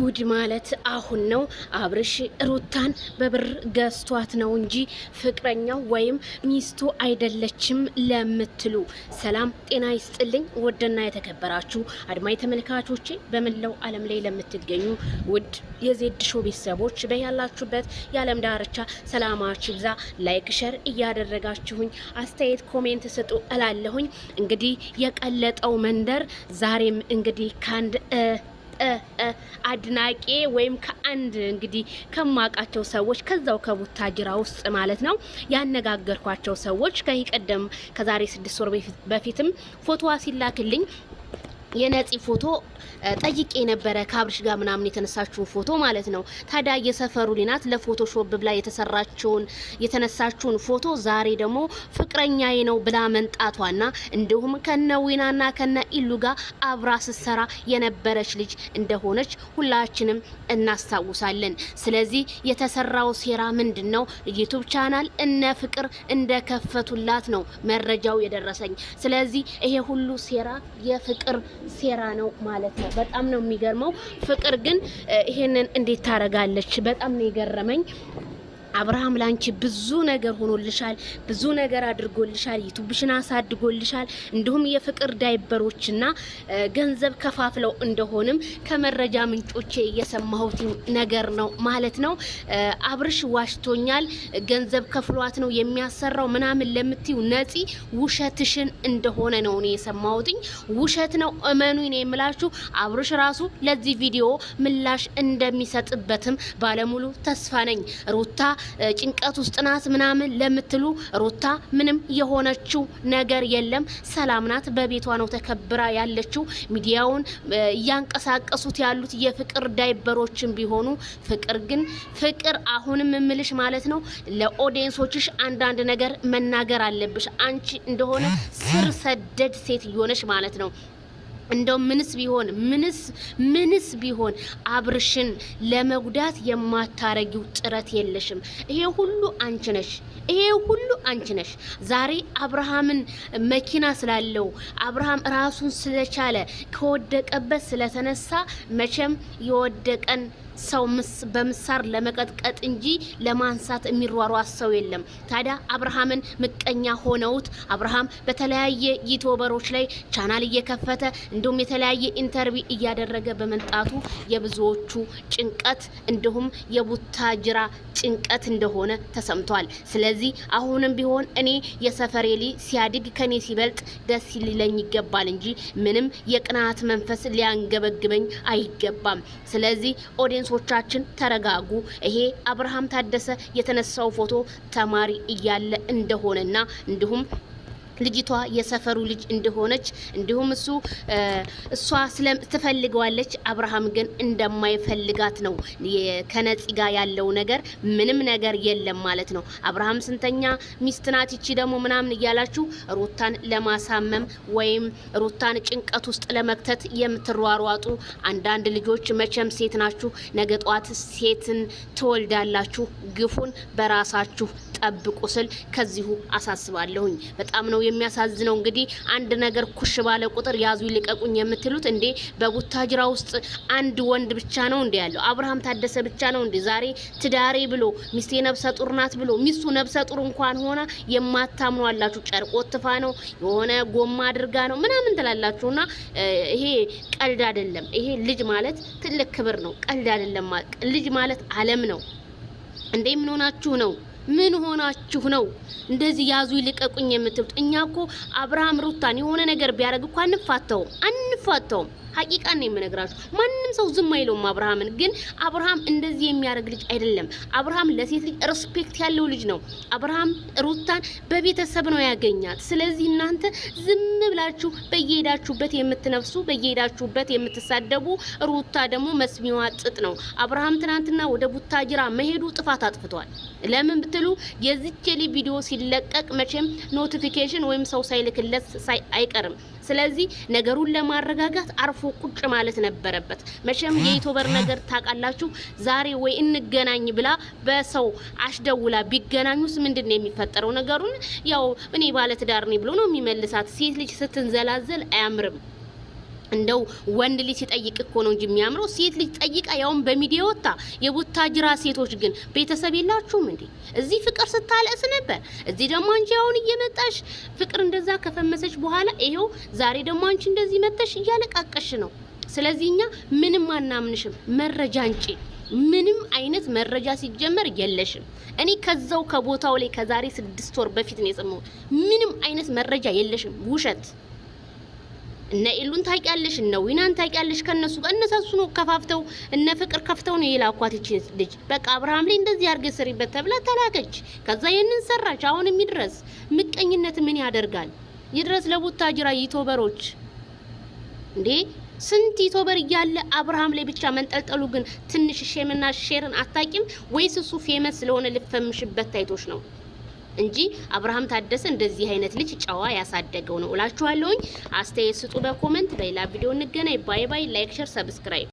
ጉድ ማለት አሁን ነው። አብርሽ ሩታን በብር ገዝቷት ነው እንጂ ፍቅረኛው ወይም ሚስቱ አይደለችም ለምትሉ ሰላም ጤና ይስጥልኝ። ውድና የተከበራችሁ አድማ ተመልካቾቼ በመላው ዓለም ላይ ለምትገኙ ውድ የዜድ ሾው ቤተሰቦች በያላችሁበት የዓለም ዳርቻ ሰላማችሁ ብዛ። ላይክ ሸር እያደረጋችሁኝ አስተያየት ኮሜንት ስጡ እላለሁኝ። እንግዲህ የቀለጠው መንደር ዛሬም እንግዲህ ከአንድ አድናቂ ወይም ከአንድ እንግዲህ ከማውቃቸው ሰዎች ከዛው ከቡታጅራ ውስጥ ማለት ነው ያነጋገርኳቸው ሰዎች ከይቀደም ከዛሬ ስድስት ወር በፊትም ፎቶዋ ሲላክልኝ የነፂ ፎቶ ጠይቄ የነበረ ከአብርሽ ጋር ምናምን የተነሳችውን ፎቶ ማለት ነው። ታዲያ የሰፈሩ ሊናት ለፎቶሾፕ ብላ የተሰራችውን የተነሳችውን ፎቶ ዛሬ ደግሞ ፍቅረኛዬ ነው ብላ መንጣቷና እንዲሁም ከነ ዊናና ከነ ኢሉ ጋር አብራ ስትሰራ የነበረች ልጅ እንደሆነች ሁላችንም እናስታውሳለን። ስለዚህ የተሰራው ሴራ ምንድን ነው? ዩቱብ ቻናል እነ ፍቅር እንደከፈቱላት ነው መረጃው የደረሰኝ። ስለዚህ ይሄ ሁሉ ሴራ የፍቅር ሴራ ነው ማለት ነው። በጣም ነው የሚገርመው። ፍቅር ግን ይሄንን እንዴት ታደርጋለች? በጣም ነው የገረመኝ። አብርሃም ላንቺ ብዙ ነገር ሆኖልሻል፣ ብዙ ነገር አድርጎልሻል፣ ዩቱብሽን አሳድጎልሻል። እንዲሁም የፍቅር ዳይበሮችና ገንዘብ ከፋፍለው እንደሆንም ከመረጃ ምንጮቼ እየሰማሁት ነገር ነው ማለት ነው። አብርሽ ዋሽቶኛል፣ ገንዘብ ከፍሏት ነው የሚያሰራው ምናምን ለምትዩ ነፂ ውሸትሽን እንደሆነ ነው እኔ የሰማሁትኝ። ውሸት ነው እመኑ ነው የምላችሁ። አብርሽ ራሱ ለዚህ ቪዲዮ ምላሽ እንደሚሰጥበትም ባለሙሉ ተስፋ ነኝ ሩታ ጭንቀት ውስጥ ናት ምናምን ለምትሉ ሩታ ምንም የሆነችው ነገር የለም። ሰላም ናት። በቤቷ ነው ተከብራ ያለችው። ሚዲያውን እያንቀሳቀሱት ያሉት የፍቅር ዳይበሮችን ቢሆኑ ፍቅር ግን ፍቅር አሁንም እምልሽ ማለት ነው ለኦዲየንሶችሽ አንዳንድ ነገር መናገር አለብሽ። አንቺ እንደሆነ ስር ሰደድ ሴት እየሆነች ማለት ነው እንደው ምንስ ቢሆን ምንስ ምንስ ቢሆን አብርሽን ለመጉዳት የማታረጊው ጥረት የለሽም። ይሄ ሁሉ አንቺ ነሽ፣ ይሄ ሁሉ አንቺ ነሽ። ዛሬ አብርሃምን መኪና ስላለው አብርሃም ራሱን ስለቻለ ከወደቀበት ስለተነሳ መቼም የወደቀን ሰው በምሳር ለመቀጥቀጥ እንጂ ለማንሳት የሚሯሯ ሰው የለም። ታዲያ አብርሃምን ምቀኛ ሆነውት አብርሃም በተለያየ ዩቲዩበሮች ላይ ቻናል እየከፈተ እንዲሁም የተለያየ ኢንተርቪ እያደረገ በመምጣቱ የብዙዎቹ ጭንቀት እንዲሁም የቡታጅራ ጭንቀት እንደሆነ ተሰምቷል። ስለዚህ አሁንም ቢሆን እኔ የሰፈሬ ሲያድግ ከኔ ሲበልጥ ደስ ሊለኝ ይገባል እንጂ ምንም የቅናት መንፈስ ሊያንገበግበኝ አይገባም። ስለዚህ ኦዲየንስ እህቶቻችን ተረጋጉ። ይሄ አብርሃም ታደሰ የተነሳው ፎቶ ተማሪ እያለ እንደሆነና እንዲሁም ልጅቷ የሰፈሩ ልጅ እንደሆነች እንዲሁም እሱ እሷ ትፈልገዋለች አብርሃም ግን እንደማይፈልጋት ነው። ከነፂ ጋር ያለው ነገር ምንም ነገር የለም ማለት ነው። አብርሃም ስንተኛ ሚስት ናት ይቺ ደግሞ ምናምን እያላችሁ ሩታን ለማሳመም ወይም ሩታን ጭንቀት ውስጥ ለመክተት የምትሯሯጡ አንዳንድ ልጆች መቼም ሴት ናችሁ፣ ነገ ጠዋት ሴትን ትወልዳላችሁ። ግፉን በራሳችሁ ጠብቁ ስል ከዚሁ አሳስባለሁኝ። በጣም ነው የሚያሳዝነው እንግዲህ አንድ ነገር ኩሽ ባለ ቁጥር ያዙ ይልቀቁኝ የምትሉት እንዴ? በቡታጅራ ውስጥ አንድ ወንድ ብቻ ነው እንዴ ያለው? አብርሃም ታደሰ ብቻ ነው እንዴ? ዛሬ ትዳሬ ብሎ ሚስቴ ነብሰ ጡር ናት ብሎ ሚስቱ ነብሰ ጡር እንኳን ሆና የማታምኑ አላችሁ። ጨርቆ ትፋ ነው የሆነ ጎማ አድርጋ ነው ምናምን ትላላችሁና ይሄ ቀልድ አይደለም። ይሄ ልጅ ማለት ትልቅ ክብር ነው። ቀልድ አይደለም። ልጅ ማለት ዓለም ነው እንዴ! ምን ሆናችሁ ነው? ምን ሆናችሁ ነው እንደዚህ ያዙ ይልቀቁኝ የምትሉት? እኛ እኮ አብርሃም ሩታን የሆነ ነገር ቢያደርግ እኮ አንፋተውም አንፋተውም። ሀቂቃ ነው የምነግራችሁ። ማንም ሰው ዝም አይለውም አብርሃምን። ግን አብርሃም እንደዚህ የሚያደርግ ልጅ አይደለም። አብርሃም ለሴት ልጅ ሪስፔክት ያለው ልጅ ነው። አብርሃም ሩታን በቤተሰብ ነው ያገኛት። ስለዚህ እናንተ ዝም ብላችሁ በየሄዳችሁበት የምትነፍሱ በየሄዳችሁበት የምትሳደቡ፣ ሩታ ደግሞ መስሚዋ ጥጥ ነው። አብርሃም ትናንትና ወደ ቡታጅራ መሄዱ ጥፋት አጥፍቷል። ለምን ስትሉ የዚች ቪዲዮ ሲለቀቅ መቼም ኖቲፊኬሽን ወይም ሰው ሳይልክለት አይቀርም። ስለዚህ ነገሩን ለማረጋጋት አርፎ ቁጭ ማለት ነበረበት። መቼም የዩቲዩበር ነገር ታውቃላችሁ። ዛሬ ወይ እንገናኝ ብላ በሰው አሽደውላ ቢገናኙስ ምንድን ነው የሚፈጠረው? ነገሩን ያው እኔ ባለትዳር ነኝ ብሎ ነው የሚመልሳት። ሴት ልጅ ስትንዘላዘል አያምርም። እንደው ወንድ ልጅ ሲጠይቅ እኮ ነው እንጂ የሚያምረው ሴት ልጅ ጠይቃ ያውም በሚዲያ ወጣ። የቡታጅራ ሴቶች ግን ቤተሰብ የላችሁም እንዴ? እዚህ ፍቅር ስታለእስ ነበር፣ እዚህ ደግሞ አንቺ አሁን እየመጣሽ ፍቅር እንደዛ ከፈመሰች በኋላ ይሄው ዛሬ ደግሞ አንቺ እንደዚህ መተሽ እያለቃቀሽ ነው። ስለዚህ እኛ ምንም አናምንሽም፣ መረጃ አንጪ። ምንም አይነት መረጃ ሲጀመር የለሽም። እኔ ከዛው ከቦታው ላይ ከዛሬ ስድስት ወር በፊት ነው የሰማሁት። ምንም አይነት መረጃ የለሽም፣ ውሸት እነ ኢሉን ታውቂያለሽ፣ እነ ዊናን ታውቂያለሽ። ከነሱ ጋር እነሳሱ ነው ከፋፍተው እነ ፍቅር ከፍተው ነው የላኳት ልጅ። በቃ አብርሃም ላይ እንደዚህ አድርገሽ ስሪበት ተብላ ተላከች። ከዛ ይህንን ሰራች። አሁንም ይድረስ ምቀኝነት ምን ያደርጋል? ይድረስ ለቡታጅራ ይቶበሮች እንዴ ስንት ይቶበር እያለ አብርሃም ላይ ብቻ መንጠልጠሉ ግን ትንሽ ሼምና ሼርን አታቂም ወይስ እሱ ፌመስ ስለሆነ ልፈምሽበት ታይቶች ነው? እንጂ አብርሃም ታደሰ እንደዚህ አይነት ልጅ ጨዋ ያሳደገው ነው እላችኋለሁኝ። አስተያየት ስጡ በኮመንት። በሌላ ቪዲዮ እንገናኝ። ባይ ባይ። ላይክ፣ ሸር፣ ሰብስክራይብ